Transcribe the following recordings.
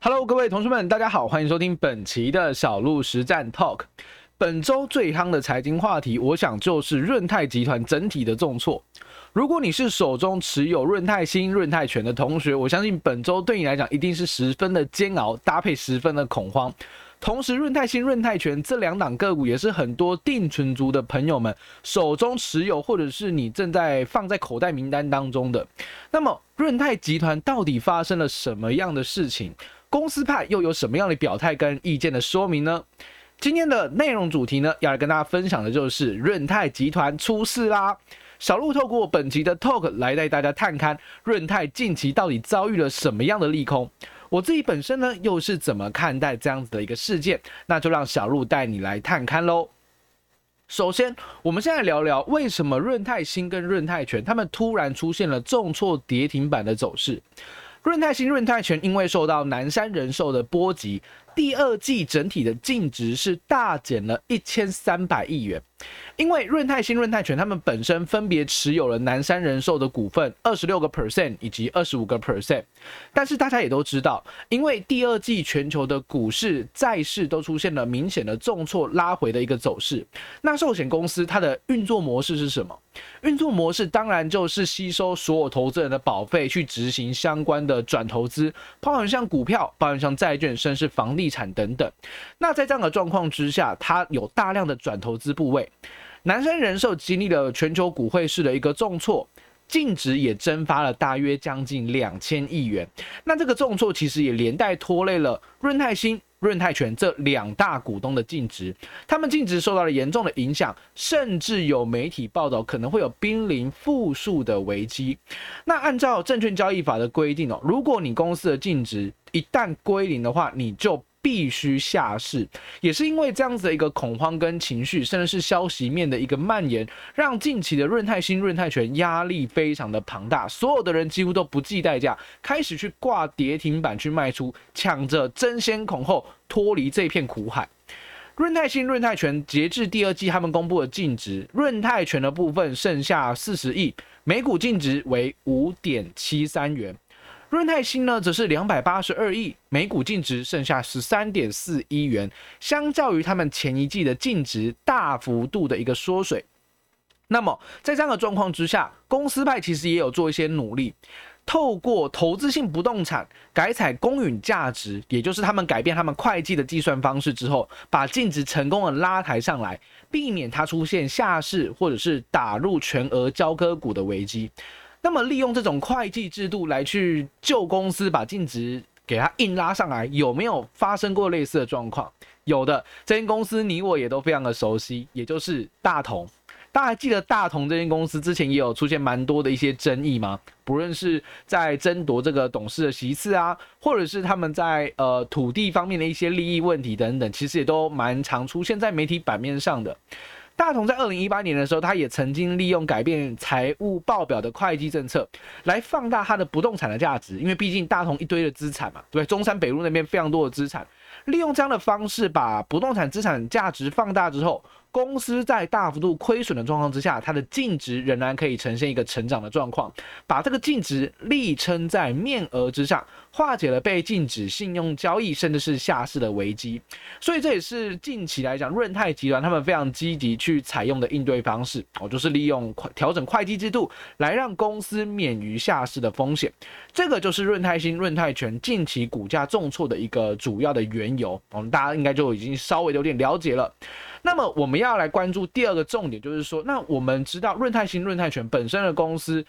哈嘍，各位同學們，大家好，歡迎收聽本期的小路實戰 Talk。本周最夯的財經話題，我想就是潤泰集團整體的重挫。如果你是手中持有潤泰新、潤泰全的同學，我相信本周對你來講一定是十分的煎熬，搭配十分的恐慌。同時，潤泰新、潤泰全這兩檔個股也是很多定存族的朋友們手中持有，或者是你正在放在口袋名單當中的。那麼，潤泰集團到底發生了什麼樣的事情？公司派又有什麼樣的表態跟意見的說明呢？今天的內容主題呢，要來跟大家分享的就是潤泰集團出事啦。小路透過本集的 talk 來帶大家探勘潤泰近期到底遭遇了什麼樣的利空，我自己本身呢又是怎麼看待這樣子的一個事件，那就讓小路帶你來探勘嘍。首先，我們先來聊聊為什麼潤泰新跟潤泰全他們突然出現了重挫跌停板的走勢。潤泰新、潤泰全因為受到南山人壽的波及。第二季整體的淨值是大減了一千三百億元，因為潤泰新潤泰全他們本身分別持有了南山人壽的股份二十六個 percent 以及二十五個 percent。但是大家也都知道，因為第二季全球的股市債市都出現了明顯的重挫拉回的一個走勢。那壽險公司它的運作模式是什麼？運作模式當然就是吸收所有投資人的保費去執行相關的轉投資，包含像股票、包含像債券，甚至是房地。地產等等，那在這樣的狀況之下，它有大量的轉投資部位。南山人壽經歷了全球股匯市的一個重挫，淨值也蒸發了大約將近兩千億元。那這個重挫其實也連帶拖累了潤泰新、潤泰全這兩大股東的淨值，他們淨值受到了嚴重的影響，甚至有媒體報道可能會有瀕臨負數的危機。那按照證券交易法的規定哦，如果你公司的淨值一旦歸零的話，你就必須下市，也是因為這樣子的一個恐慌跟情緒，甚至是消息面的一個蔓延，讓近期的潤泰新、潤泰全壓力非常的龐大，所有的人幾乎都不計代價，開始去掛跌停板去賣出，搶着爭先恐後脫離這片苦海。潤泰新、潤泰全截至第二季他們公布的淨值，潤泰全的部分剩下四十億，每股淨值為五點七三元。潤泰新呢，則是兩百八十二億，每股淨值剩下十三點四一元，相較於他們前一季的淨值大幅度的一個縮水。那麼，在這樣的狀況之下，公司派其實也有做一些努力，透過投資性不動產改採公允價值，也就是他們改變他們會計的計算方式之後，把淨值成功的拉抬上來，避免它出現下市或者是打入全額交割股的危機。那麼利用這種會計制度來去救公司，把淨值給它硬拉上來，有沒有發生過類似的狀況？有的，這間公司你我也都非常的熟悉，也就是大同。大家還記得大同這間公司之前也有出現蠻多的一些爭議嗎？不論是，在爭奪這個董事的席次啊，或者是他們在呃土地方面的一些利益問題等等，其實也都蠻常出現在媒體版面上的。大同在二零一八年的時候，他也曾經利用改變財務報表的會計政策來放大他的不動產的價值，因為畢竟大同一堆的資產嘛，對，中山北路那邊非常多的資產。利用這樣的方式把不動產資產價值放大之後，公司在大幅度虧損的狀況之下，它的淨值仍然可以呈現一個成長的狀況，把這個淨值力撐在面額之上，化解了被禁止信用交易甚至是下市的危機。所以這也是近期來講，潤泰集團他們非常積極去採用的應對方式，哦，就是利用快調整會計制度來讓公司免於下市的風險。這個就是潤泰新、潤泰全近期股價重挫的一個主要的原緣由，我們大家應該就已經稍微有點了解了。那麼我們要來關注第二個重點，就是說，那我們知道潤泰新、潤泰全本身的公司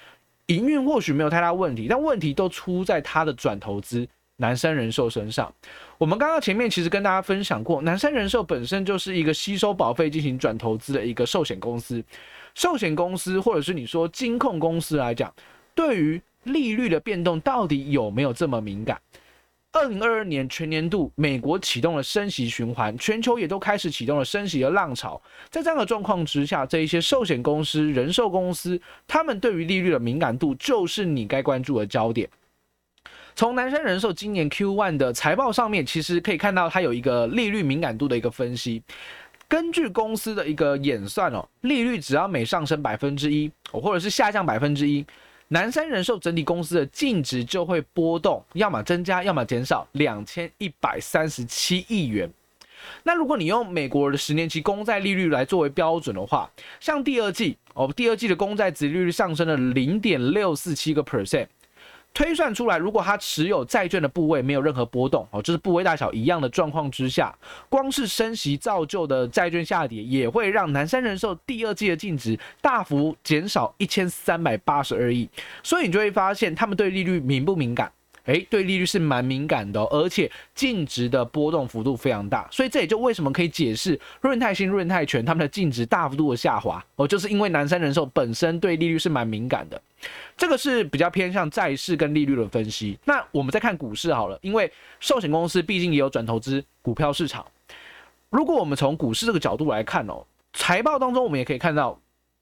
營運或許沒有太大問題，但問題都出在它的轉投資南山人壽身上。我們剛剛前面其實跟大家分享過，南山人壽本身就是一個吸收保費進行轉投資的一個壽險公司。壽險公司或者是你說金控公司來講，對於利率的變動到底有沒有這麼敏感？二零二二年全年度，美國啟動了升息循環，全球也都開始啟動了升息的浪潮。在這樣的狀況之下，這一些壽險公司、人壽公司，他們對於利率的敏感度，就是你該關注的焦點。從南山人壽今年 Q1 的財報上面，其實可以看到它有一個利率敏感度的一個分析。根據公司的一個演算哦，利率只要每上升百分之一，或者是下降百分之一。南山人壽整體公司的淨值就會波動，要麼增加，要麼減少兩千一百三十七億元。那如果你用美國的十年期公債利率來作為標準的話，像第二季哦，第二季的公債殖利率上升了零點六四七個 percent。推算出來，如果他持有債券的部位沒有任何波動，哦，就是部位大小一樣的狀況之下，光是升息造就的債券下跌，也會讓南山人壽第二季的淨值大幅減少一千三百八十二億。所以你就會發現，他們對利率敏不敏感？誒，對利率是蠻敏感的哦，而且淨值的波動幅度非常大，所以這也就為什麼可以解釋潤泰新、潤泰全他們的淨值大幅度的下滑哦，就是因為南山人壽本身對利率是蠻敏感的，這個是比較偏向債市跟利率的分析。那我們再看股市好了，因為壽險公司畢竟也有轉投資股票市場，如果我們從股市這個角度來看哦，財報當中我們也可以看到。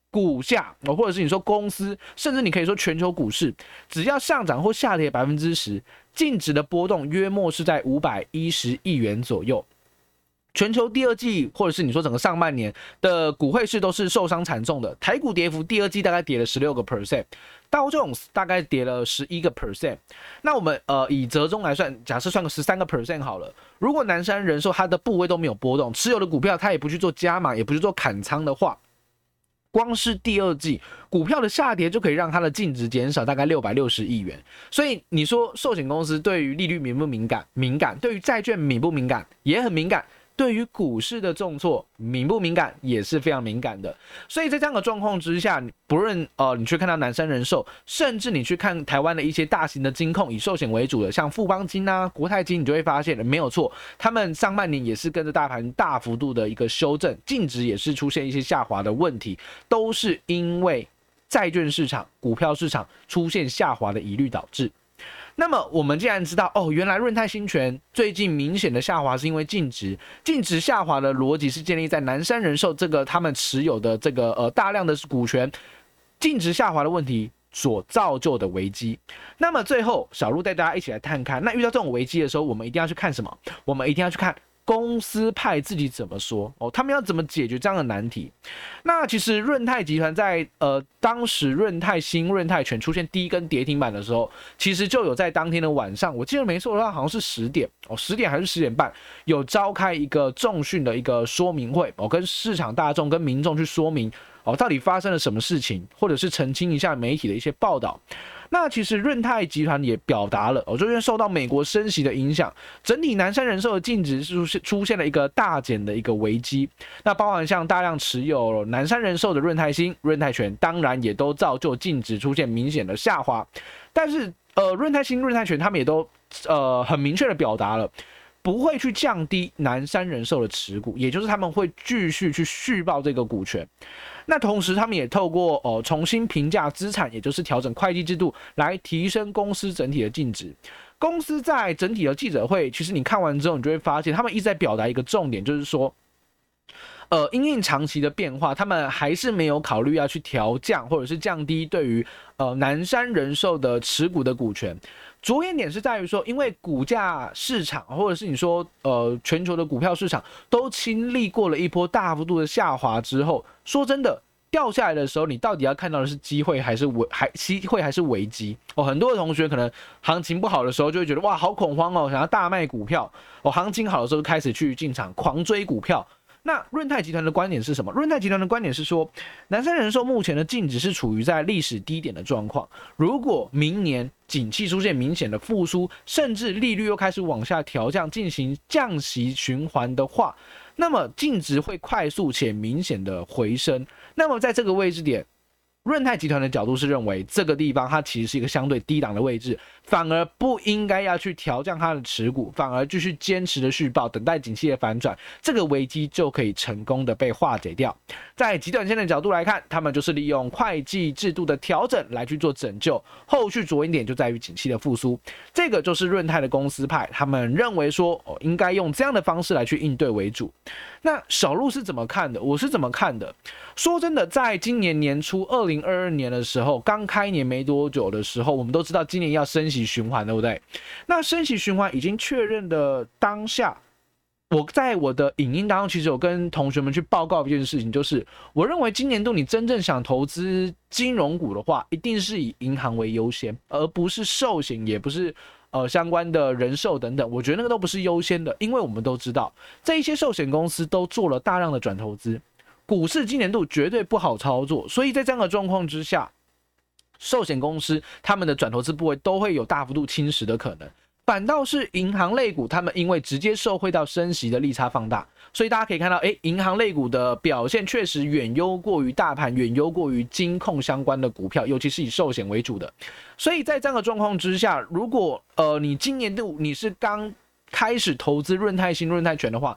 股價，或者是你說公司，甚至你可以說全球股市，只要上漲或下跌百分之十，淨值的波動約莫是在五百一十億元左右。全球第二季，或者是你說整個上半年的股匯市都是受傷慘重的。台股跌幅第二季大概跌了十六個 percent，道瓊大概跌了十一個 percent。那我們呃以折中來算，假設算個十三個 percent 好了。如果南山人壽它的部位都沒有波動，持有的股票它也不去做加碼，也不去做砍倉的話。光是第二季股票的下跌就可以讓它的淨值減少大概六百六十億元，所以你說壽險公司對於利率敏不敏感？敏感。對於債券敏不敏感？也很敏感。對於股市的重挫，敏不敏感，也是非常敏感的。所以在這樣的狀況之下，不論呃，你去看到南山人壽，甚至你去看台灣的一些大型的金控，以壽險為主的，像富邦金啊、國泰金，你就會發現沒有錯，他們上半年也是跟着大盤大幅度的一個修正，淨值也是出現一些下滑的問題，都是因為債券市場、股票市場出現下滑的疑慮導致。那麼我們既然知道哦，原來潤泰新全最近明顯的下滑是因為淨值，淨值下滑的邏輯是建立在南山人壽這個他們持有的這個呃大量的股權淨值下滑的問題所造就的危機。那麼最後小路帶大家一起來看看，那遇到這種危機的時候，我們一定要去看什麼？我們一定要去看。公司派自己怎麼說哦？他們要怎麼解決這樣的難題？那其實潤泰集團在呃當時潤泰新潤泰全出現第一根跌停板的時候，其實就有在當天的晚上，我記得沒錯的話，好像是十點哦，十點還是十點半有召開一個重訊的一個說明會哦，跟市場大眾跟民眾去說明哦，到底發生了什麼事情，或者是澄清一下媒體的一些報道那其實潤泰集團也表達了，哦，就因為受到美國升息的影響，整體南山人壽的淨值是出現了一個大減的一個危機。那包含像大量持有南山人壽的潤泰新、潤泰全，當然也都造就淨值出現明顯的下滑。但是，呃，潤泰新、潤泰全他們也都呃很明確的表達了，不會去降低南山人壽的持股，也就是他們會繼續去續抱這個股權。那同時，他們也透過呃重新評價資產，也就是調整會計制度，來提升公司整體的淨值。公司在整體的記者會，其實你看完之後，你就會發現，他們一直在表達一個重點，就是說，呃，因應長期的變化，他們還是沒有考慮要去調降或者是降低對於呃南山人壽的持股的股權。着眼點是在於說，因為股價市場或者是你說呃全球的股票市場都經歷過了一波大幅度的下滑之後，說真的掉下來的時候，你到底要看到的是機會還是危還機會還是危機？哦，很多的同學可能行情不好的時候就會覺得哇好恐慌哦，想要大賣股票。哦，行情好的時候就開始去進場狂追股票。那潤泰集團的觀點是什麼？潤泰集團的觀點是說，南山人壽目前的淨值是處於在歷史低點的狀況。如果明年景氣出現明顯的復甦，甚至利率又開始往下調降，進行降息循環的話，那麼淨值會快速且明顯的回升。那麼在這個位置點。潤泰集團的角度是認為這個地方它其實是一個相對低檔的位置，反而不應該要去調降它的持股，反而繼續堅持的續抱，等待景氣的反轉，這個危機就可以成功的被化解掉。在極短線的角度來看，他們就是利用會計制度的調整來去做拯救，後續着眼點就在於景氣的復甦。這個就是潤泰的公司派，他們認為說哦，應該用這樣的方式來去應對為主。那小路是怎麼看的？我是怎麼看的？說真的，在今年年初二零。二二年的時候，剛開年沒多久的時候，我們都知道今年要升息循環，對不對？那升息循環已經確認的當下，我在我的影音當中，其實有跟同學們去報告一件事情，就是我認為今年度你真正想投資金融股的話，一定是以銀行為優先，而不是壽險，也不是呃相關的人壽等等。我覺得那個都不是優先的，因為我們都知道這一些壽險公司都做了大量的轉投資。股市今年度絕對不好操作，所以在這樣的狀況之下，壽險公司他們的轉投資部位都會有大幅度侵蝕的可能。反倒是銀行類股，他們因為直接受惠到升息的利差放大，所以大家可以看到，誒、欸，銀行類股的表現確實遠優過於大盤，遠優過於金控相關的股票，尤其是以壽險為主的。所以在這樣的狀況之下，如果呃你今年度你是剛開始投資潤泰新、潤泰全的話，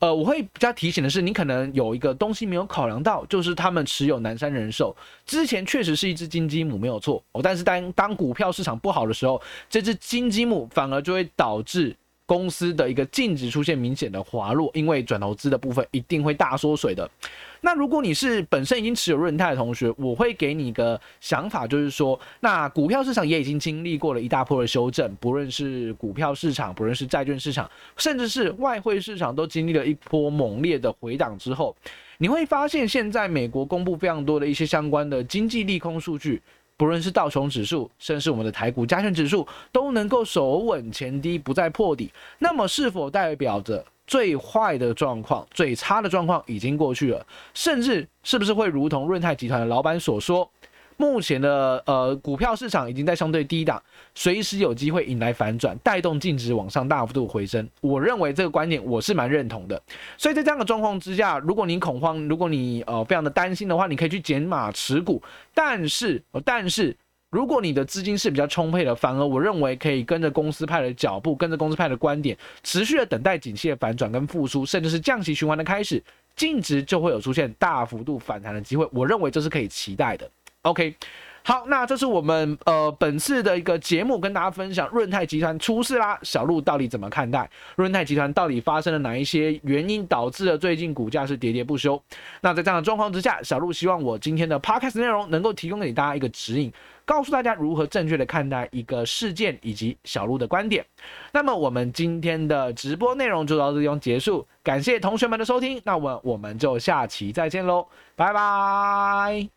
呃，我會比較提醒的是，你可能有一個東西沒有考量到，就是他們持有南山人壽之前確實是一隻金雞母，沒有錯。哦，但是當當股票市場不好的時候，這隻金雞母反而就會導致。公司的一個淨值出現明顯的滑落，因為轉投資的部分一定會大縮水的。那如果你是本身已經持有潤泰的同學，我會給你一個想法，就是說，那股票市場也已經經歷過了一大波的修正，不論是股票市場，不論是債券市場，甚至是外匯市場，都經歷了一波猛烈的回檔之後，你會發現現在美國公布非常多的一些相關的經濟利空數據。不論是道瓊指數，甚至我們的台股加權指數，都能夠守穩前低，不再破底，那麼是否代表着最壞的狀況、最差的狀況已經過去了？甚至是不是會如同潤泰集團的老闆所說？目前的呃股票市場已經在相對低檔，隨時有機會引來反轉，帶動淨值往上大幅度回升。我認為這個觀點我是蠻認同的。所以在這樣的狀況之下，如果你恐慌，如果你呃非常的擔心的話，你可以去減碼持股。但是，呃，但是如果你的資金是比較充沛的，反而我認為可以跟着公司派的腳步，跟着公司派的觀點，持續的等待景氣的反轉跟復甦，甚至是降息循環的開始，淨值就會有出現大幅度反彈的機會。我認為這是可以期待的。OK，好，那這是我們呃本次的一個節目，跟大家分享潤泰集團出事啦。小路到底怎麼看待潤泰集團？到底發生了哪一些原因導致了最近股價是跌跌不休？那在這樣的狀況之下，小路希望我今天的 Podcast 內容能夠提供給大家一個指引，告訴大家如何正確地看待一個事件以及小路的觀點。那麼我們今天的直播內容就到這地方結束，感謝同學們的收聽。那我我們就下期再見嘍，拜拜。